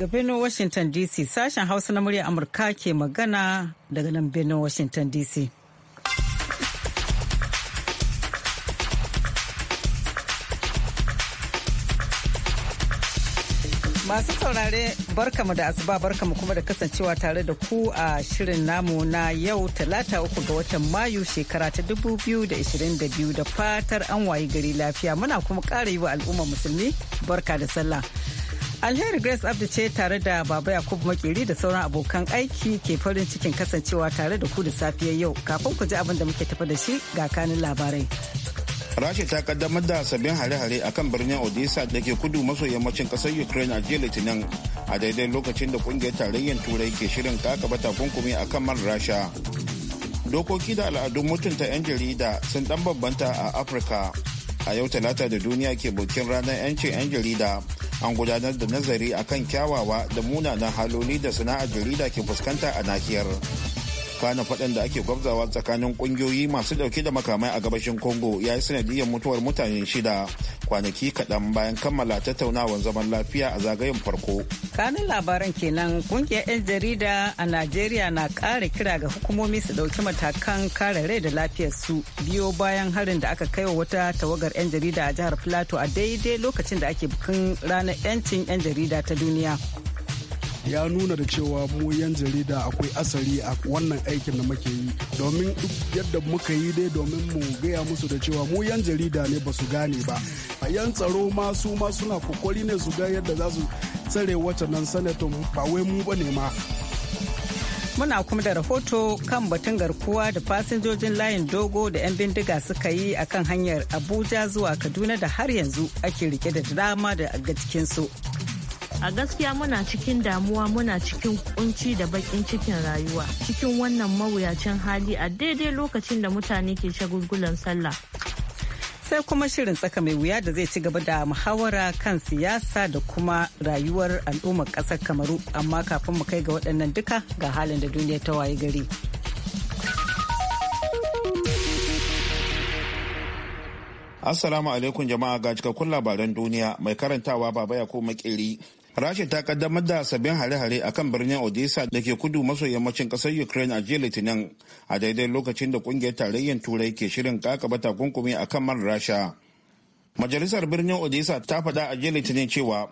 daga birnin Washington DC sashen Hausa na murya Amurka ke magana daga nan birnin Washington DC. Masu saurare barkamu da asuba barkamu kuma da kasancewa tare da ku a shirin namu na yau talata uku ga watan Mayu shekara ta 2022 da fatar an wayi gari lafiya muna kuma kara yi wa al'umma musulmi barka da sallah. Alheri Grace abdu ce tare da Baba Yakubu Makeri da sauran abokan aiki ke farin cikin kasancewa tare da ku da safiyar yau kafin ku ji abin da muke tafi da shi ga kanin labarai. Rasha ta kaddamar da sabbin hare-hare akan birnin Odessa da ke kudu maso yammacin kasar Ukraine a jiya Litinin a daidai lokacin da kungiyar tarayyar Turai ke shirin kakaba takunkumi kan man Rasha. Dokoki da al'adun mutunta 'yan jarida sun dan babbanta a Afirka. A yau talata da duniya ke bukin ranar 'yancin 'yan jarida. an gudanar da nazari akan kyawawa da munanan haloli da sana'ar jarida ke fuskanta a nahiyar kwana faɗan da ake gwabzawa tsakanin ƙungiyoyi masu ɗauke da makamai a gabashin congo ya yi sanadiyar mutuwar mutane shida kwanaki kaɗan bayan kammala tattaunawar zaman lafiya a zagayen farko kanin labaran kenan ƙungiyar 'yan jarida a najeriya na ƙara kira ga hukumomi su ɗauki matakan kare rai da lafiyar su biyo bayan harin da aka kai wa wata tawagar 'yan jarida a jihar plateau a daidai lokacin da ake bikin ranar 'yancin 'yan jarida ta duniya ya nuna da cewa mu yan jarida akwai asali a wannan aikin da muke yi domin duk yadda muka yi dai domin mu gaya musu da cewa mu yan jarida ne ba su gane ba a yan tsaro ma su ma suna kokari ne su ga yadda za su tsare wata nan sanatin ba wai mu ba ma muna kuma da rahoto kan batun garkuwa da fasinjojin layin dogo da 'yan bindiga suka yi a kan hanyar abuja zuwa kaduna da har yanzu ake rike da dama cikin su a gaskiya muna cikin damuwa muna cikin kunci da bakin cikin rayuwa cikin wannan mawuyacin hali a daidai lokacin da mutane ke shagulgulan sallah sai kuma shirin tsaka mai wuya da zai ci gaba da muhawara kan siyasa da kuma rayuwar al'ummar kasar kamaru amma kafin mu kai ga waɗannan duka ga halin da duniya ta waye gari assalamu alaikum jama'a ga cikakkun labaran duniya mai karantawa baba ya ko makeri rasha ta kaddamar da sabbin hare-hare a kan birnin odessa da ke kudu maso yammacin kasar ukraine a jiya litinin a daidai lokacin da kungiyar tarayyar turai ke shirin kakaba takunkumi a kan man rasha majalisar birnin odessa ta faɗa a jiya litinin cewa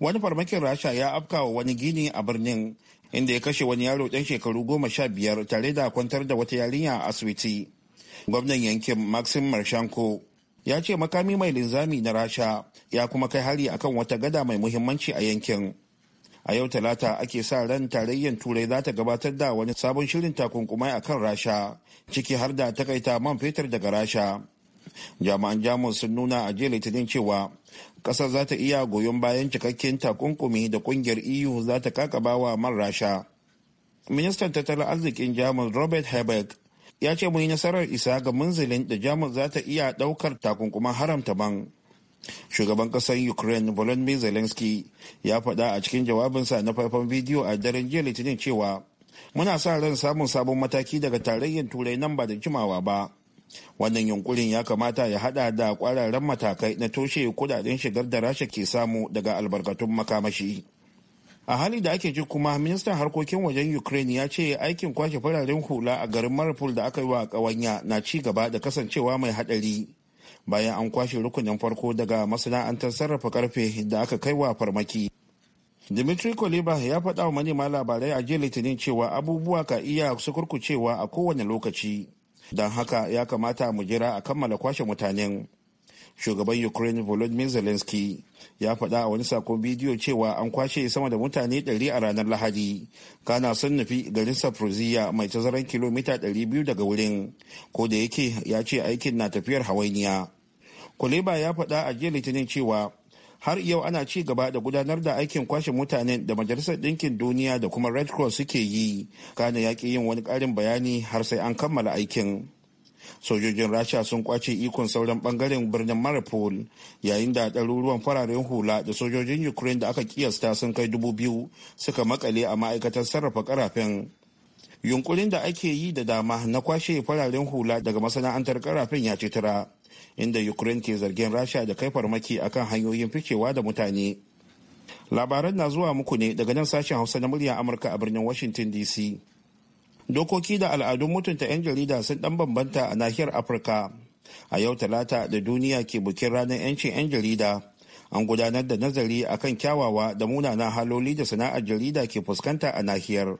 wani farmakin rasha ya afka wa wani gini a birnin inda ya kashe wani yaro dan shekaru goma sha biyar tare da kwantar da wata yarinya a asibiti gwamnan yankin maxim marshanko ya ce makami mai linzami na rasha ya kuma kai hari akan wata gada mai muhimmanci a yankin a yau talata ake sa ran tarayyar turai za ta gabatar da wani sabon shirin takunkumai akan rasha ciki har da takaita man fetur daga rasha jami'an jamus sun nuna a jiya litinin cewa ƙasar za ta iya goyon bayan cikakken takunkumi da ƙungiyar eu za ta kakabawa man rasha ministan tattalin arzikin jamus robert herbert ya ce mun yi nasarar isa ga munzilin da jamus za ta iya daukar takunkuman haramta ban shugaban kasar ukraine volodymyr zelensky ya faɗa a cikin jawabinsa na faifan bidiyo a daren jiya litinin cewa muna sa ran samun sabon mataki daga tarayyar turai nan ba da jimawa ba wannan yunkurin ya kamata ya hada da kwararren matakai na toshe kudaden shigar da rasha ke samu daga albarkatun makamashi a hali da ake ji kuma ministan harkokin wajen ukraine ya ce aikin kwashe fararen hula a garin maripol da aka yi wa kawanya na ci gaba da kasancewa mai hadari bayan an kwashe rukunin farko daga masana'antar sarrafa karfe da aka kai wa farmaki dimitri koliba ya faɗa wa manema labarai a jiya litinin cewa abubuwa ka iya su kurkucewa a kowane lokaci don haka ya kamata mu jira a kammala kwashe mutanen shugaban ukraine volodymyr zelensky ya faɗa a wani sakon bidiyo cewa an kwashe sama da mutane 100 a ranar lahadi kana sun nufi garin saproziya mai tazaran kilomita 200 daga wurin ko da yake ya ce aikin na tafiyar hawainiya kuleba ya faɗa a jiya litinin cewa har yau ana ci gaba da gudanar da aikin kwashe mutanen da majalisar ɗinkin duniya da kuma red cross suke yi kana yaƙi yin wani ƙarin bayani har sai an kammala aikin sojojin rasha sun kwace ikon sauran bangaren birnin maripol yayin da ɗaruruwan fararen hula da sojojin ukraine da aka kiyasta sun kai dubu biyu suka makale a ma'aikatar sarrafa karafen yunkurin da ake yi da dama na kwashe fararen hula daga masana'antar karafen ya ci tura inda ukraine ke zargin rasha da kai farmaki akan hanyoyin ficewa da mutane labaran na zuwa muku ne daga nan sashen hausa na murya amurka a birnin washington dc dokoki da al'adun mutunta 'yan jarida sun dan bambanta a nahiyar afirka a yau talata da duniya ke bukin ranar 'yancin 'yan jarida an gudanar da nazari akan kyawawa da munana haloli da sana'ar jarida ke fuskanta a nahiyar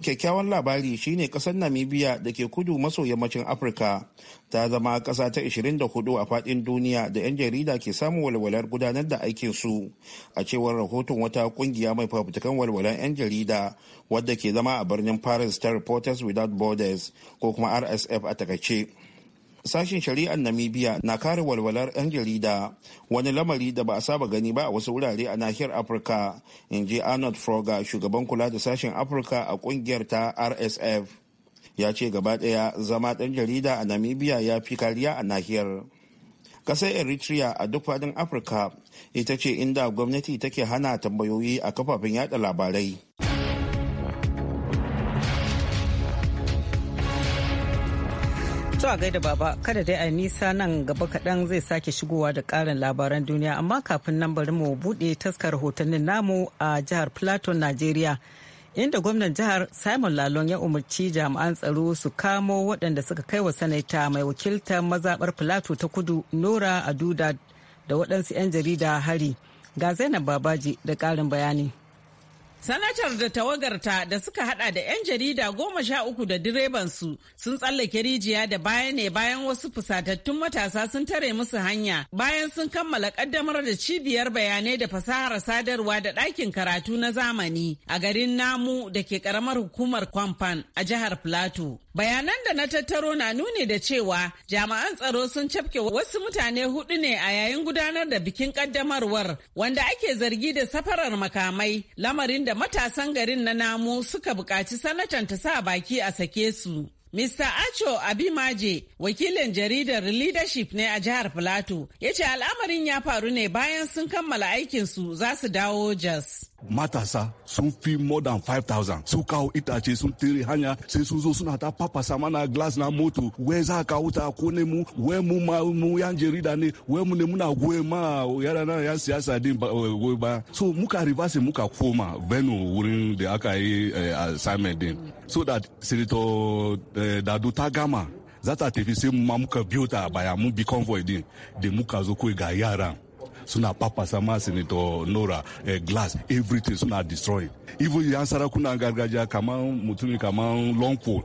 kyakkyawan labari shine kasar namibia da ke kudu maso yammacin afirka ta zama kasa ta 24 a fadin duniya da 'yan jarida ke samun walwalar gudanar da aikin su a cewar rahoton wata kungiya mai fafutukan walwalar 'yan jarida wadda ke zama a birnin paris ta reporters without borders ko kuma rsf a takaice Sashen shari'ar Namibia na kare walwalar 'yan jarida wani lamari da ba a saba gani ba a wasu wurare a nahiyar Afirka, in ji Arnold Froger shugaban kula da sashen Afirka a kungiyar ta RSF. Ya ce gaba ɗaya zama ɗan jarida a Namibia ya fi kariya a nahiyar. Ƙasar Eritrea a duk fadin Afirka ita ce inda gwamnati take hana tambayoyi a kafafen yada labarai. To a gaida baba kada dai a nisa nan gaba kaɗan zai sake shigowa da ƙarin labaran duniya amma kafin nan bari mu buɗe taskar rahotannin namu a jihar Plateau, Najeriya. Inda gwamnan jihar Simon Lalon ya umarci jami'an tsaro su kamo waɗanda suka kai wa sanaita mai wakiltar mazaɓar Plateau ta kudu Nora Aduda da waɗansu 'yan jarida hari. Ga Zainab Babaji da ƙarin bayani. Sanatar da tawagarta da suka hada da 'yan jarida goma sha uku da direbansu sun tsallake rijiya da baya ne bayan wasu fusatattun matasa sun tare musu hanya bayan sun kammala kaddamar da cibiyar bayanai da fasahar sadarwa da ɗakin karatu na zamani a garin Namu da ke karamar hukumar Kwamfan a jihar Plateau. Bayanan da na tattaro na nuni da cewa jami'an tsaro sun cafke wasu mutane hudu ne a yayin gudanar da bikin kaddamarwar wanda ake zargi da safarar makamai lamarin da matasan garin na namu suka buƙaci sanatan ta sa baki a sake su. Mr. Acho Abimaje, wakilin jaridar leadership ne a jihar Filato, ya ce al'amarin ya faru ne bayan sun kammala aikinsu za su dawo jas. matasa sun fi more than 5000 su kawo itace sun tere hanya sai sun zo suna ta fafasa mana glass na moto wai za ka wuta ko ne mu wai mu ma mu yan jarida ne wai mu ne muna goye ma yara na yan siyasa din goye ba eh, so muka reverse muka koma venu wurin da aka yi eh, assignment din so that senator eh, dadu ta gama za ta tafi sai mu ma muka biyo ta baya mu bi convoy din da muka zo ga yaran suna masu ne to nora eh, glass everything suna destroy even yan sarakunan gargajiya kamar mutumi kamar longford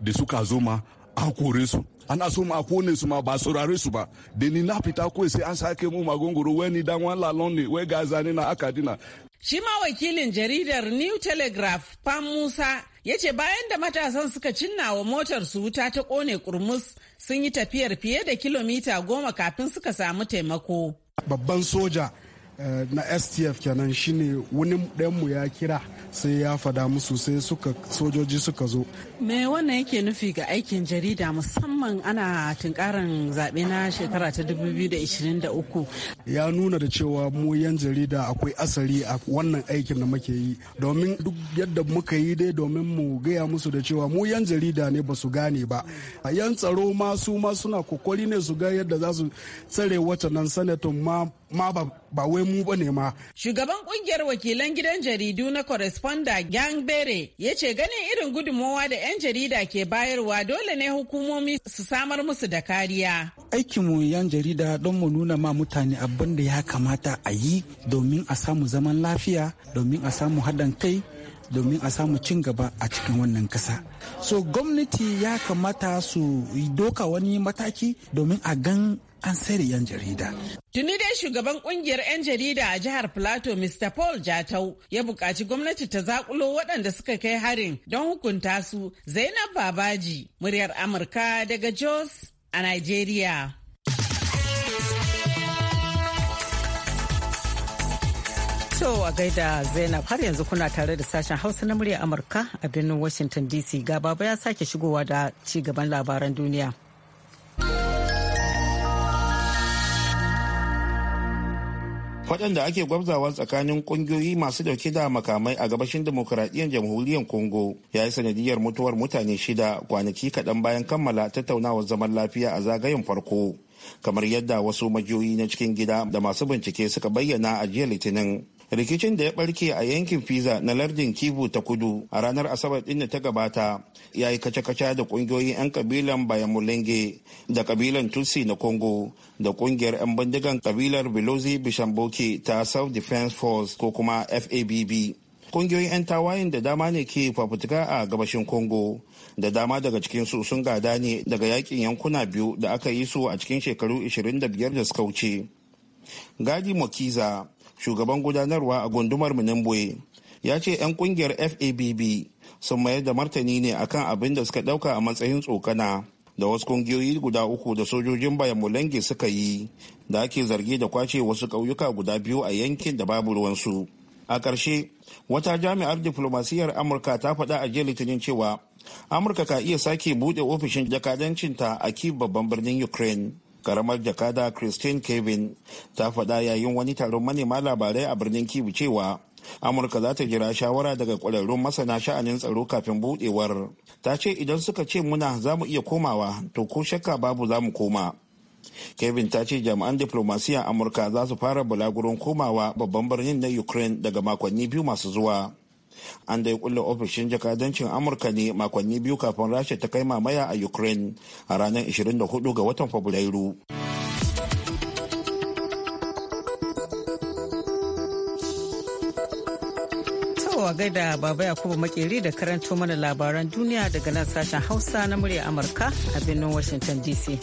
da suka zo ma an kore su ana so ma kone su ma ba saurare su ba da ni na fita kawai sai an sake mu magongoro wani dan wani lalon ne wai gaza zane na akadina Shi ma wakilin jaridar New Telegraph, Pam Musa, ya ce bayan da matasan suka cinna wa motar su wuta ta kone kurmus sun yi tafiyar fiye da kilomita goma kafin suka samu taimako. babban soja eh, na stf kenan shine wani ɗanmu ya kira sai ya fada musu sai suka sojoji suka zo me wannan yake nufi ga aikin jarida musamman ana tunkarin zaɓe na shekara ta 2023 ya nuna da cewa mu yan jarida akwai asali a wannan aikin da muke yi domin duk yadda muka yi dai domin mu gaya musu da cewa mu yan jarida ne ba su gane ba a yan tsaro ma su ma suna kokari ne su ga yadda za su tsare wata nan sanatun ma ba wai mu ba ne ma shugaban kungiyar wakilan gidan jaridu na Corresponder Gang Bere ya ce ganin irin gudunmowa da 'yan jarida ke bayarwa dole ne hukumomi su samar musu da kariya. Aikinmu 'yan jarida don mu nuna ma mutane abin da ya kamata a yi domin a samu zaman lafiya, domin a samu haɗin kai, domin a samu cin gaba a cikin wannan kasa. So gwamnati ya kamata su doka wani mataki domin a gan an 'yan jarida. Tuni dai shugaban kungiyar 'yan jarida a jihar Filato Mr. Paul Jatau ya buƙaci gwamnati ta zakulo waɗanda suka kai harin don hukunta su Zainab Babaji, muryar Amurka daga Jos a Nigeria. To a gaida Zainab har yanzu kuna tare da sashen Hausa na murya Amurka a birnin Washington DC ga baba ya sake shigowa da ci gaban labaran duniya. waɗanda ake gwabzawa tsakanin ƙungiyoyi masu dauke da makamai a gabashin demokuraɗiyyar jamhuriyar congo ya yi sanadiyar mutuwar mutane shida kwanaki kaɗan bayan kammala tattaunawar zaman lafiya a zagayen farko kamar yadda wasu majiyoyi na cikin gida da masu bincike suka bayyana a jiya litinin rikicin da ya barke a yankin fiza na lardin kivu ta kudu a ranar asabar din da ta gabata ya yi kace kaca da kungiyoyin 'yan kabilan bayamulenge da kabilan tutsi na congo da kungiyar 'yan bindigan kabilar bilozi bishamboke ta south defense force ko kuma fabb kungiyoyin 'yan tawayen da dama ne ke fafutuka a gabashin congo da dama daga cikinsu sun gada ne daga yakin yankuna biyu da aka yi su a cikin shekaru 25 da suka wuce gadi mokiza shugaban gudanarwa a gundumar Minimboe, ya ce 'yan kungiyar FABB sun mayar da martani ne akan abin da suka dauka a matsayin tsokana da wasu kungiyoyi guda uku da sojojin bayan mulange suka yi da ake zargi da kwace wasu ƙauyuka guda biyu a yankin da babu ruwansu. A ƙarshe, wata jami'ar diflomasiyyar Amurka ta faɗa a jiya Litinin cewa Amurka ka iya sake buɗe ofishin jakadancinta a kif babban birnin Ukraine. karamar jakada christine kevin ta faɗa yayin wani taron manema labarai a birnin kibu cewa amurka za ta jira shawara daga ƙwararrun masana sha'anin tsaro kafin buɗewar ta ce idan suka ce muna za mu iya komawa to ko shakka babu za mu koma kevin ta ce jami'an diplomasiyya amurka za su fara bulaguron komawa babban birnin na ukraine daga makonni biyu masu zuwa an dai kulle ofishin jakadancin amurka ne makonni biyu kafin rasha ta kai mamaya a ukraine a ranar 24 ga watan fabrairu wa gaida baba yakubu makeri da karanto mana labaran duniya daga nan sashen hausa na murya amurka a birnin washington dc.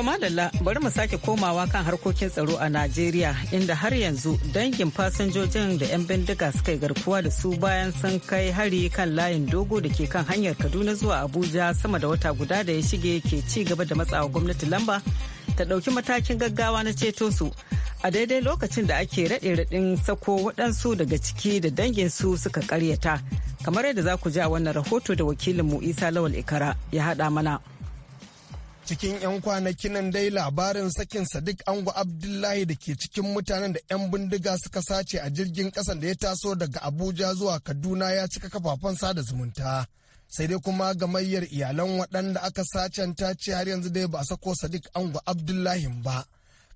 To Madalla bari mu sake komawa kan harkokin tsaro a Najeriya inda har yanzu dangin fasinjojin da 'yan bindiga suka yi garkuwa da su bayan sun kai hari kan layin dogo da ke kan hanyar Kaduna zuwa Abuja sama da wata guda da ya shige ke ci gaba da matsawa gwamnati lamba ta ɗauki matakin gaggawa na ceto su a daidai lokacin da ake raɗe raɗin sako waɗansu daga ciki da dangin su suka karyata kamar yadda za ku ji a wannan rahoto da wakilinmu Isa Lawal Ikara ya haɗa mana. cikin 'yan kwanakin nan dai labarin sakin sadiq ango abdullahi da ke cikin mutanen da 'yan bindiga suka sace a jirgin kasan da ya taso daga abuja zuwa kaduna ya cika kafafen sada zumunta sai dai kuma gamayyar iyalan waɗanda aka sacen ta ce har yanzu dai ba a sako sadiq ango abdullahi ba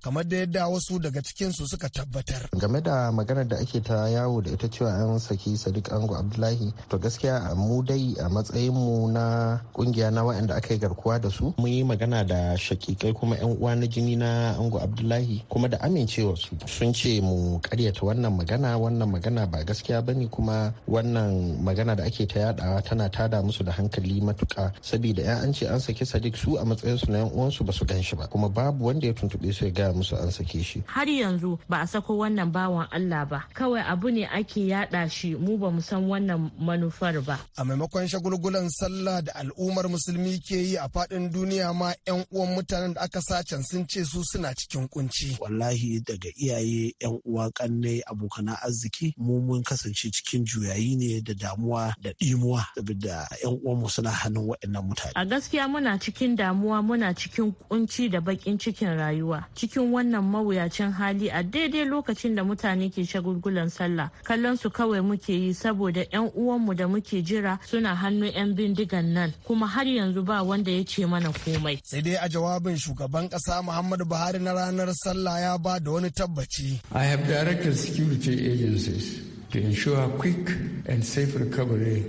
kamar da yadda wasu daga cikinsu suka tabbatar. Game da maganar da ake ta yawo da ita cewa an saki Sadiq Ango Abdullahi to gaskiya mu dai a matsayin mu na kungiya na waɗanda aka yi garkuwa da su mun yi magana da shakikai kuma yan uwa na jini na Ango Abdullahi kuma da amincewa su sun ce mu karyata wannan magana wannan magana ba gaskiya bane kuma wannan magana da ake ta yadawa tana tada musu da hankali matuka saboda ya an ce an saki Sadiq su a matsayin su na yan uwansu ba su gan shi ba kuma babu wanda ya tuntube su ya gaya musu an sake shi har yanzu ba a sako wannan bawan Allah ba kawai abu ne ake yada shi mu ba mu san wannan manufar ba a maimakon shagulgulan sallah da al'ummar musulmi ke yi a fadin duniya ma yan uwan mutanen da aka sacen sun ce su suna cikin kunci wallahi daga iyaye yan uwa kanne abokan arziki mu mun kasance cikin juyayi ne da damuwa da dimuwa saboda yan mu suna hannun waɗannan mutane a gaskiya muna cikin damuwa muna cikin kunci da baƙin cikin rayuwa cikin cikin wannan mawuyacin hali a daidai lokacin da mutane ke shagulgulan sallah kallon su kawai muke yi saboda yan uwanmu da muke jira suna hannu yan bindigan nan kuma har yanzu ba wanda ya ce mana komai sai dai a jawabin shugaban kasa muhammadu buhari na ranar sallah ya ba da wani tabbaci i have directed security agencies to ensure quick and safe recovery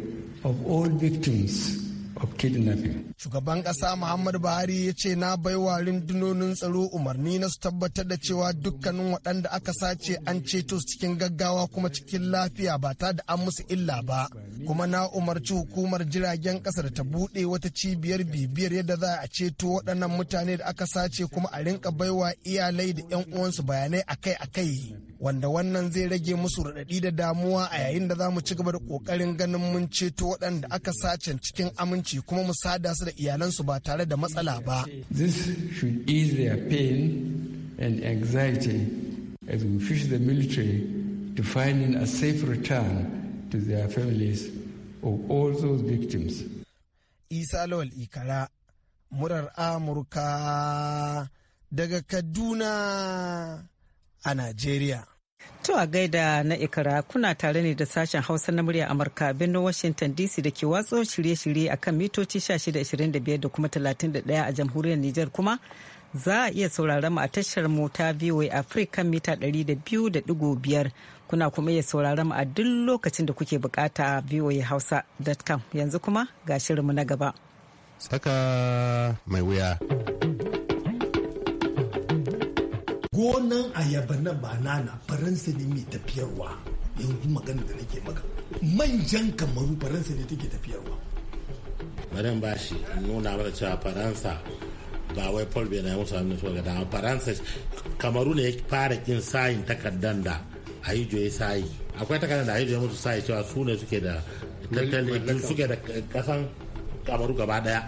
of all victims of kidnapping. Shugaban ƙasa Muhammadu Buhari ya ce na baiwa rundunonin tsaro umarni na su tabbatar da cewa dukkanin waɗanda aka sace an ceto su cikin gaggawa kuma cikin lafiya ba ta da an musu illa ba. Kuma na umarci hukumar jiragen ƙasa da ta buɗe wata cibiyar bibiyar yadda za a ceto waɗannan mutane da aka sace kuma a rinka baiwa iyalai da 'yan uwansu bayanai akai-akai. Wanda wannan zai rage musu raɗaɗi da damuwa a yayin da za mu ci gaba da ƙoƙarin ganin mun ceto waɗanda aka sace cikin aminci zumunci kuma mu sada su da iyalansu ba tare da matsala ba. This should ease their pain and anxiety as we push the military to finding a safe return to their families of all those victims. Isa Lawal Ikara, murar Amurka daga Kaduna a Najeriya. To a gaida na ikira kuna tare ne da sashen hausa na murya amurka birnin washington dc da ke watso shirye-shirye a kan mitoci 1625 da kuma 31 a jamhuriyar nijar kuma za a iya sauraron mu a tashar mota ta VOA Africa mita 200.5 kuna kuma iya sauraron mu a duk lokacin da kuke bukata Hausa.com yanzu kuma ga shirinmu na gaba. Saka mai wuya. gonan ayaba na banana faransa ne mai tafiyarwa yanzu magana da nake maka manjan kamaru faransa ne take tafiyarwa bari bashi nuna mata cewa faransa ba wai paul bai na musu abin da dama faransa kamaru ne ya fara kin sayin takardar da yi joye sayi akwai takardar da yi joye musu sayi cewa su ne suke da tattalin suke da kasan kamaru gaba daya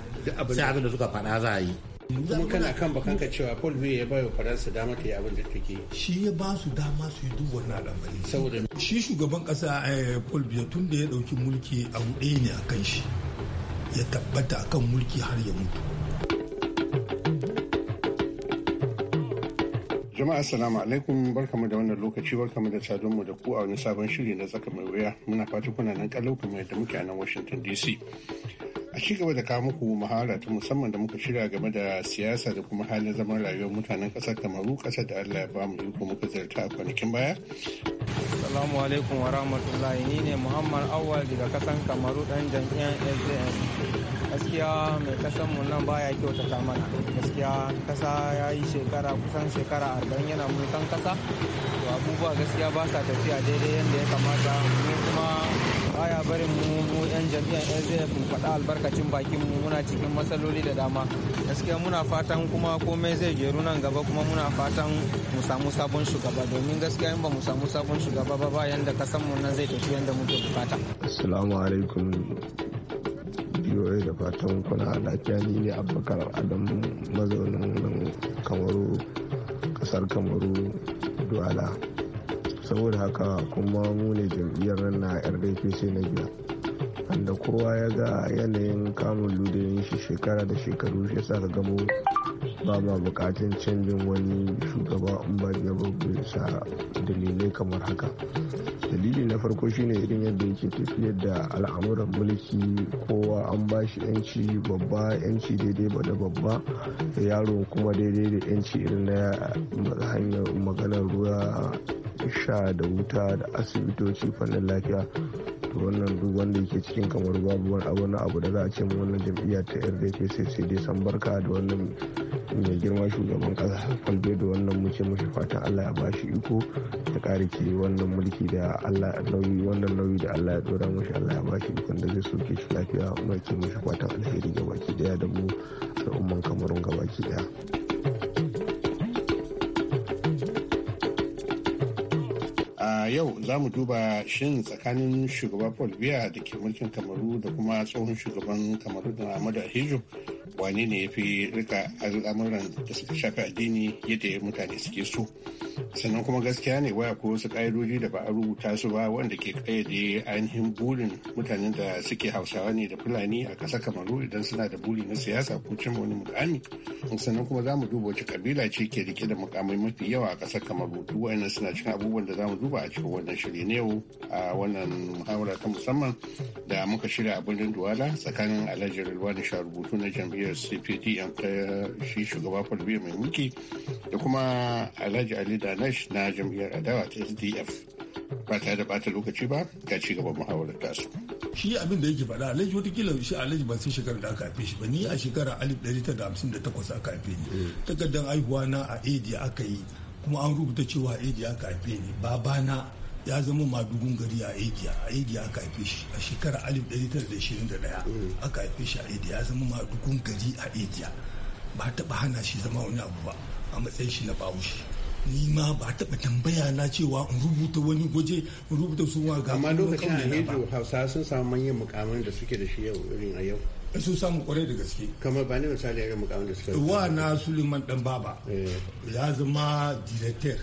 sai abin da suka fada za a yi kuma kana kan bakanka cewa paul biyu ya bayo faransa dama ta yi abin da take shi ya ba su dama su yi duk wannan al'amari saboda shi shugaban kasa eh, paul biya tun da ya dauki mulki a buɗe ne a kan shi ya tabbata kan mulki har ya mutu jama'a assalamu alaikum barkamu da wannan lokaci barkamu da sadon mu da ku a wani sabon shiri na tsaka mai wuya muna fata kuna nan kalau kuma yadda muke a nan washington dc a ci gaba da kawo muku mahala ta musamman da muka shirya game da siyasa da kuma halin zaman rayuwar mutanen kasar kamaru kasar da allah ya bamu iko muka zarta a kwanakin baya salamu alaikum wa rahmatullahi ni ne muhammad awal daga kasan kamaru dan jam'iyyar sdn gaskiya mai kasan mu nan baya kyautata mana gaskiya kasa ya yi shekara kusan shekara arba'in yana mulkan kasa to abubuwa gaskiya ba sa tafiya daidai yadda ya kamata mu kuma baya barin mu mu yan jam'iyyar SDF mu faɗa albarkacin bakin mu muna cikin matsaloli da dama gaskiya muna fatan kuma komai zai geru nan gaba kuma muna fatan mu samu sabon shugaba domin gaskiya in ba mu samu sabon shugaba ba ba yanda kasan mu nan zai tafi yanda muke bukata assalamu alaikum da fatan kuna lafiya ni ne abubakar adam mazaunin kamaru kasar kamaru duwala saboda haka kuma mu ne jam'iyyar nan na rdpc na biya wanda kowa ya ga yanayin kamun ludayin shi shekara da shekaru shi sa ka gamo ba ma bukatun canjin wani shugaba in ba ya sa dalilai kamar haka dalili na farko shine irin yadda yake tafiyar da al'amuran mulki kowa an ba shi yanci babba yanci daidai ba da babba da yaro kuma daidai da yanci irin na hanyar maganar ruwa sha da wuta da asibitoci fannin lafiya to wannan duk wanda yake cikin kamar babu abu na abu da za a ce mu wannan jam'iyya ta rdp sai dai san barka da wannan mai girma shugaban kasa falbe da wannan muke mushi fatan allah ya bashi iko ya kare ke wannan mulki da allah nauyi wannan nauyi da allah ya dora mushi allah ya bashi iko da zai soke shi lafiya muke ke fatan alheri gabaki daya da mu al'umman kamarun baki daya. a yau za mu duba shin tsakanin shugaba Bolivia da ke mulkin Kamaru da kuma tsohon shugaban Kamaru da Ahmadu Ahijo wane ne ya fi rika al'amuran da suka shafi addini yadda mutane suke so sannan kuma gaskiya ne waya ko wasu ƙa'idoji da ba a rubuta su ba wanda ke ƙayyade ainihin burin mutanen da suke hausawa ne da fulani a ƙasar kamaru idan suna da buri na siyasa ko cin wani mukami sannan kuma za mu duba wace kabila ce ke rike da mukamai mafi yawa a ƙasar kamaru duk wa'annan suna cikin abubuwan da za mu duba a cikin wannan shirye na yau a wannan muhawara ta musamman da muka shirya a birnin duwala tsakanin alhaji rilwani rubutu na jam'iyyar jam'iyyar an kai uh, shi shugaba falbiya mai mulki da kuma alhaji ali danash na jam'iyyar adawa ta sdf ba tare da bata lokaci ba ga ci gaban muhawarar tasu shi abin da yake faɗa alhaji watakila shi alhaji ba sai shekarar da aka haife shi ba ni a shekara takwas aka haife ni eh. takardar haihuwa na a edi aka yi kuma an rubuta cewa aidi aka haife ni babana ya zama madugun gari a Egiya a Egiya aka haife shi a shekarar 1921 aka haife shi a Egiya ya zama madugun gari a Egiya ba taba hana shi zama wani abu ba a matsayin shi na bawushi ni ma ba taɓa tambaya na cewa in rubuta wani gwaje in rubuta suna ga amma lokacin da hejo hausa sun samu manyan mukamin da suke da shi yau irin a yau eh, sun samu kwarai da gaske kamar ba ne misali irin mukamin da suke wa na suleiman dan baba eh. ya zama director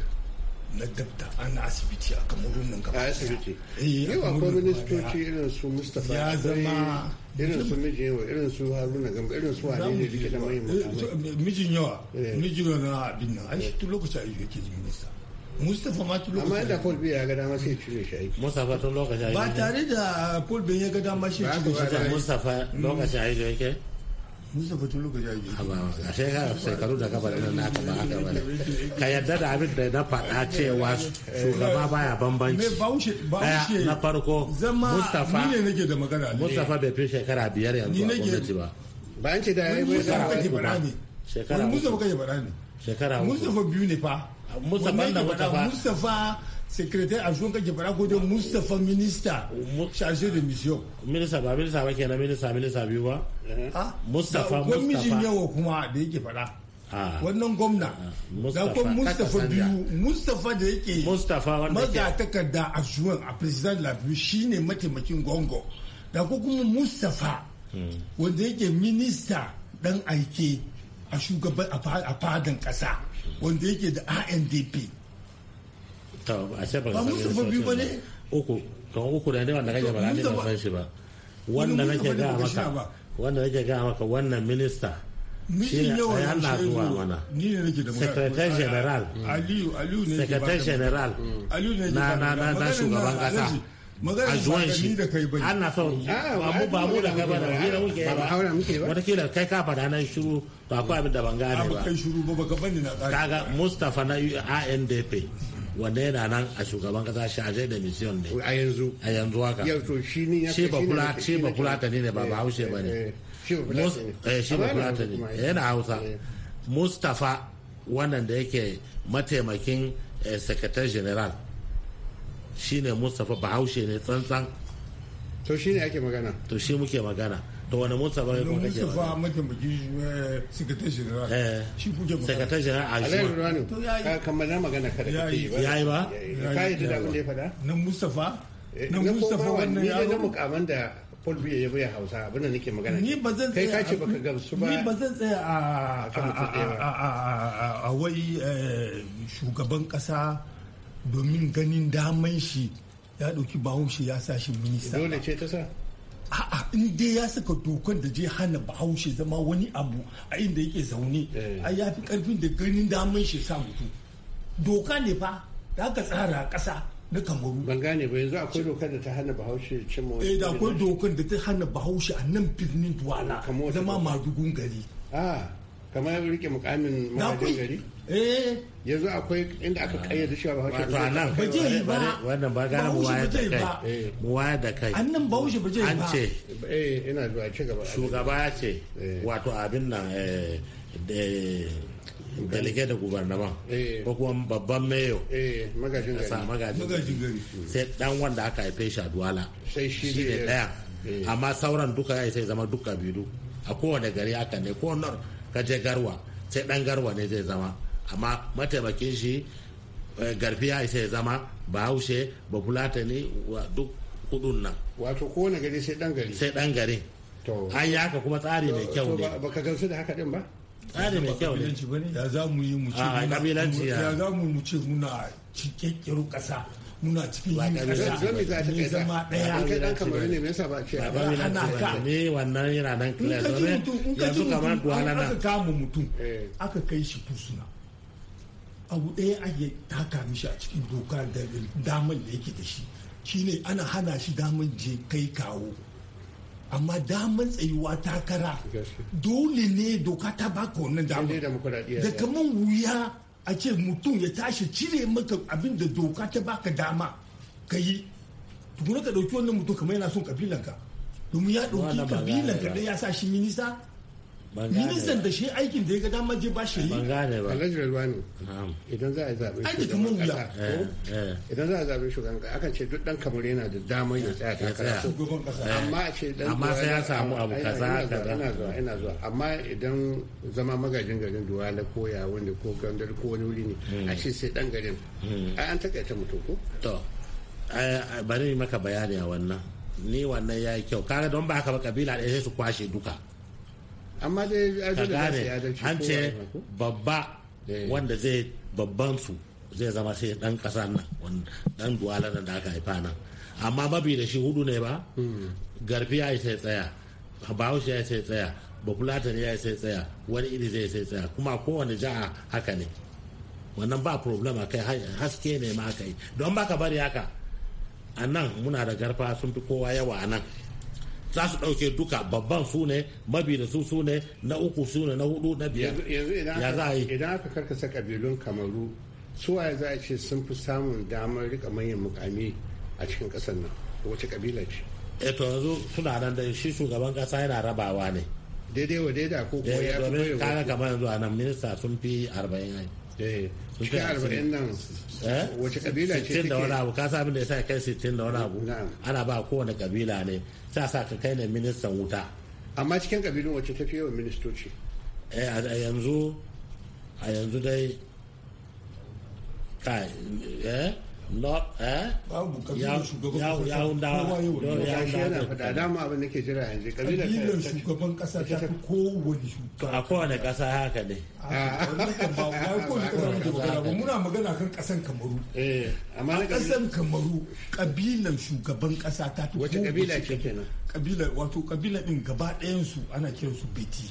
na dabda ana asibiti a kamarun nan gaba. A asibiti. Eh, Yau ko ministoci irin su Mustapha. Ya zama. Irin su mijin yawa, irin su Haruna Gamba, irin su wane ne rike da mahimmanci. Eh, mijin yawa, eh. mijin yawa na abin nan. Ai shi tun lokacin aiki yake jin minista. Mustapha ma tun lokacin. Amma yadda Paul Biya ya ga dama sai cire shi aiki. Mustapha tun lokacin aiki. Ba tare da Paul Biya ya ga dama sai cire shi aiki. Mustapha lokacin aiki yake. Musa batun lokaci a A sai ka shekaru da gaba da na ba ka ba Ka yadda da abin da na faɗa cewa shugaba baya bambanci. Me Na farko Mustapha. Ni ne nake da magana. Mustapha bai fi shekara biyar yanzu a gwamnati ba. Ba ce da ya yi bai Shekara. Musa ba kake ne. biyu ne fa. Mustafa. Mustafa secrétaire adjoint ka jabara ko da Mustapha minista chargé de mission minista ba minista ba kenan minista minista biyu ba ah, ah, Mustapha Mustapha mijin yawa kuma da yake fara ah. wannan gwamna da kuma Mustapha biyu Mustapha da yake Mustapha wanda maza takarda adjoint a de la biyu shine mataimakin gongo da ko kuma Mustapha wanda yake minista dan aike a shugaban a fadan kasa wanda yake da ANDP ba mu sababbi ba ne uku kan ba wannan minista na secretary general secretary general na na na shugaban kasa a zuwan shi ana son mu ba mu da kai ba da hira muke ba haura muke ba kai ka faɗa nan shiru to akwai abin da ban gane ba kaga mustafa na ANDP wanda yana nan a shugaban kasa shaje da mission ne a yanzu a yanzu haka shi ba kula shi ba ta ne ba ba haushe eh, ba ne eh, eh, shi ba kula ta ne yana hausa mustafa wannan da yake mataimakin secretary general shi ne mustafa haushe ne tsantsan to shi ne ake magana to shi muke magana to wani motsa ba kuma kake ba eh, general eh, shi kuke ba general a ah, shi to kamar magana kada kake ba yayi ba kai da da ya fada na mustafa eh, na mustafa wannan ya ga mukaman da Paul Biya ya buya Hausa abin nake magana ni ba zan tsaya kai kace baka gamsu ba ni ba zan tsaya a a wai shugaban kasa domin ganin daman shi ya dauki bawun shi ya sa shi minista dole ce ta sa a'a in dai ya saka dokan da je hana bahaushe zama wani abu a inda yake zaune eh. a ya fi karfin da ganin daman shi sa mutu doka ne fa da aka tsara a ƙasa na kamaru ban gane ba yanzu akwai dokar da ta hana bahaushe cimma wani eh da akwai dokar da ta hana bahaushe a nan birnin duwala zama madugun gari ah kamar rike mukamin mahadin gari eh yanzu akwai inda aka kayyade shi ba hausa ba nan ba je ba wannan ba ga mu waya da kai eh. mu waya da kai annan ba wuce ba je ba an ce eh ina zuwa ci gaba shugaba ya ce eh. wato abin nan eh delegate da gubernaman eh. ko kuma babban mayo magajin gari sai dan wanda aka haife shi a duwala sai shi ne daya amma sauran duka ya sai zama duka biyu a kowane gari aka ne ko nor ka je garwa sai dan garwa ne zai zama amma mataimakin shi eh, garfi ya isa ya zama ba bafulata ne duk hudun nan wato na. gari sai dan gari sai dan gari an yi haka kuma tsari mai kyau ne ba ka gansu da haka din ba tsari mai kyau ne ya za mu yi mu ce ya za mu mu ce muna cikakkiyar kasa muna cikin yi kasa ne zama daya kai dan kamar ne me yasa ba ce ba ana ka ne wannan yana nan kila domin yanzu kamar duwala na aka kama mutum eh. aka kai shi fusuna abu ɗaya ake taka mishi a cikin doka da damar da yake da shi shine ana hana shi daman je kai kawo amma daman tsayuwa takara dole ne doka ta baka wannan damar da kaman wuya a ce mutum ya tashi cire maka abin da doka ta baka dama ka yi tukuna ka ɗauki wannan mutum kamar yana son kabilanka domin ya ɗauki kabilanka ɗaya ya sa shi minista ministan da shi aikin da ya ga damar je ba shi yi alhaji ne idan za a zaɓe shugaban ƙasa eh, eh. idan za a zaɓe shugaban ƙasa akan ce duk ɗan kamar yana da damar ya tsaya takara shugaban ƙasa eh. amma a ce dan amma sai ya samu abu kaza kaza ina zuwa ina zuwa amma idan zama magajin garin duwala ko ya wanda ko gandar ko wani wuri ne hmm. a shi sai ɗan garin hmm. ai an takaita mutum ko to bari maka bayani a wannan ni wannan ya yi kyau kaga don ba haka ba kabila ɗaya sai su kwashe duka amma dai ka gane an ce babba eh. wanda zai babban su zai zama sai dan kasa nan dan duwala da aka haifa nan amma mabi da shi hudu ne ba hmm. garfi ya sai tsaya bahaushe ya sai tsaya bafulatani ya sai tsaya wani iri zai sai tsaya kuma kowane ja'a haka ne wannan ba problem kai haske ne ma kai don baka bari haka a nan muna da garfa sun fi kowa yawa a nan za su ɗauke duka babban su ne mabi da su su ne na uku su ne na hudu na biyar ya za a yi idan aka karkasa kabilun kamaru suwaye za a ce sun fi samun damar rika manyan mukami a cikin ƙasar nan wace kabila ce eto eh, yanzu suna nan da shi shugaban kasa yana rabawa ne daidai wa daidai ko kuma eh, ya fi domin kaga kamar yanzu a nan minista sun fi arba'in cikin eh, arba'in nan eh? wace kabila ce take da wani abu ka sa da ya sa kai sittin da wani abu ana ba kowane kabila ne sa sa ka kai ne ministan wuta amma cikin kabilun wace ta fi yawan ministoci eh, a yanzu a yanzu dai kai eh Eh? shugaban kasa. da ke jira ta fi kowane shugaba. A kowane kasa haka ne. A Muna magana kan kasan Kamaru. Eh, A kasan Kamaru kabilar shugaban kasa ta fi kowane Wace kabila wato kabila din gaba ɗayan su ana kiransu Beti.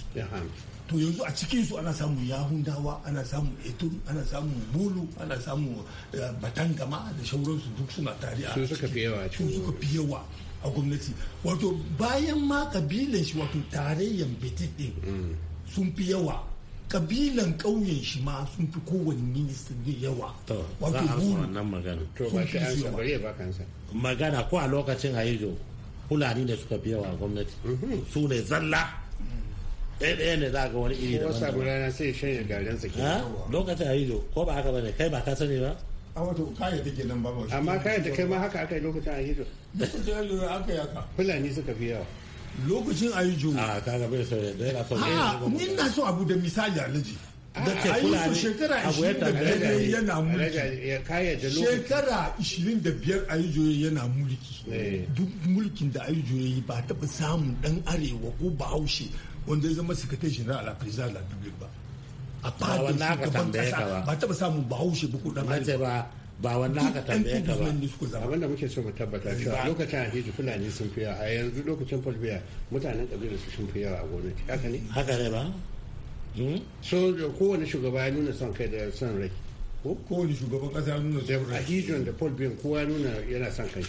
to yanzu a cikin su ana samun yahundawa ana samun etun ana samun bolo ana samun eh, batangama da shauransu duk suna tare a suka su suka fi yawa a gwamnati wato bayan ma kabilan shi wato tarayyan betin din mm. sun fi yawa kabilan ƙauyen shi ma sun fi kowane ministan da yawa. Wato buru. sun fi ba shi Magana ko a lokacin haizo Fulani da suka fi yawa gwamnati. Mm-hmm. Su ne zalla. ɗaya ne za ka wani iri da wasa sai ya shanya garin sa lokacin ko ba haka bane kai ba ka sani ba a wato kaya take nan ba ba amma kaya ta kai ma haka aka yi lokacin aka yi haka fulani suka fi yawa lokacin a kaga bai da yana ne ni na so abu da misali alaji da ke fulani shekara 25 yana mulki shekara 25 joye yana mulki eh. duk mulkin da joye ba taɓa samun ɗan arewa ko bahaushe wanda ya zama sakatai general a president de la republic ba a fadin shugaban kasa ba taba samun bahaushe ba kudan ba ba wannan haka tambaye ka ba abin da muke so mu tabbata cewa lokacin alhiji fulani sun fi yawa a yanzu lokacin fulbiya mutanen kabilar su sun fi a gwamnati haka ba hmm? so shugaba ya nuna son kai da rai kowane shugaban kasa ya nuna son rai a hijin da fulbiyan kowa nuna yana son kai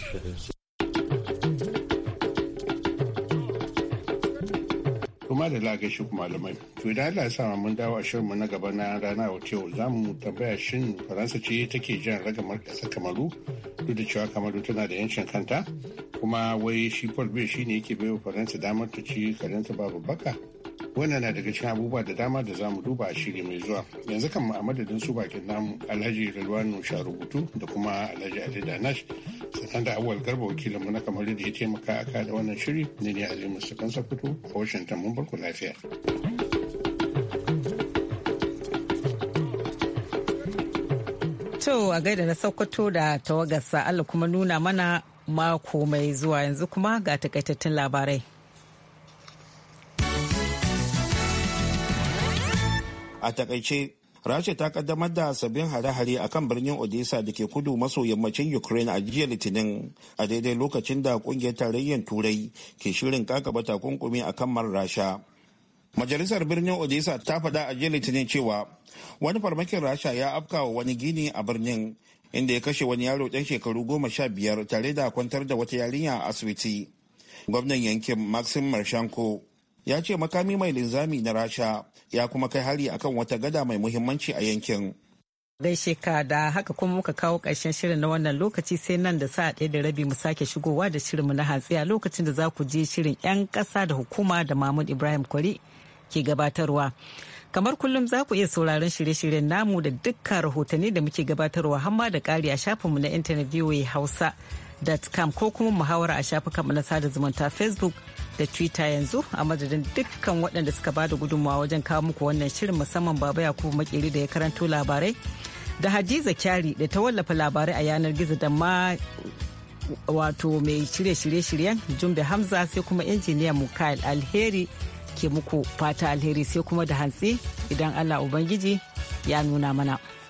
ma da lagashi kuma malamai to idan Allah ya sa mun dawo a shirinmu na gaba na rana a otel za mu tambaya shin faransa ce take jan ragamar ƙasar kamaru duk da cewa kamaru tana da yancin kanta kuma wai shi paul bai shine yake baiwa faransa damar ta ci karanta babu baka wannan na daga cikin abubuwa da dama da zamu duba a shiri mai zuwa yanzu kan a madadin su bakin namu alhaji rilwanu rubutu da kuma alhaji ali danash sannan da awal garba wakilin mu na kamar da ya taimaka a kada wannan shiri ne ne ali musu kan sakuto a washington mun barku lafiya To a gaida na Sokoto da tawagarsa Allah kuma nuna mana mako mai zuwa yanzu kuma ga takaitattun labarai. a takaice rasha ta kaddamar da sabbin hare-hare a kan birnin odessa da ke kudu maso yammacin ukraine a jiya litinin a daidai lokacin da kungiyar tarayyar turai ke shirin kakaba takunkumi a kan mara rasha majalisar birnin odessa ta faɗa a jiya litinin cewa wani farmakin rasha ya afka wa wani gini a birnin inda ya kashe wani yaro ɗan shekaru goma sha biyar tare da kwantar da wata yarinya a asibiti gwamnan yankin maxim marshanko ya ce makami mai linzami na rasha ya kuma kai hari akan wata gada mai muhimmanci a yankin gaishe ka da haka kuma muka kawo ƙarshen shirin na wannan lokaci sai nan da sa'a ɗaya da rabi mu sake shigowa da shirinmu na hantsi a lokacin da za ku je shirin 'yan ƙasa da hukuma da mahmud ibrahim kwari ke gabatarwa kamar kullum za ku iya sauraron shirye-shiryen namu da dukkan rahotanni da muke gabatarwa hamma da ƙari a shafinmu na intanet voa hausa.com ko kuma muhawara a shafukanmu na sada zumunta facebook da twitter yanzu a madadin dukkan waɗanda suka ba da gudunmawa wajen kawo muku wannan shirin musamman baba yakubu makeri da ya karanto labarai da hadiza kyari da ta wallafa labarai a yanar gizo da ma wato mai shirye shirye-shiryen jumbe hamza sai kuma injiniya mukail alheri ke muku fata alheri sai kuma da hantsi idan allah ubangiji ya nuna mana.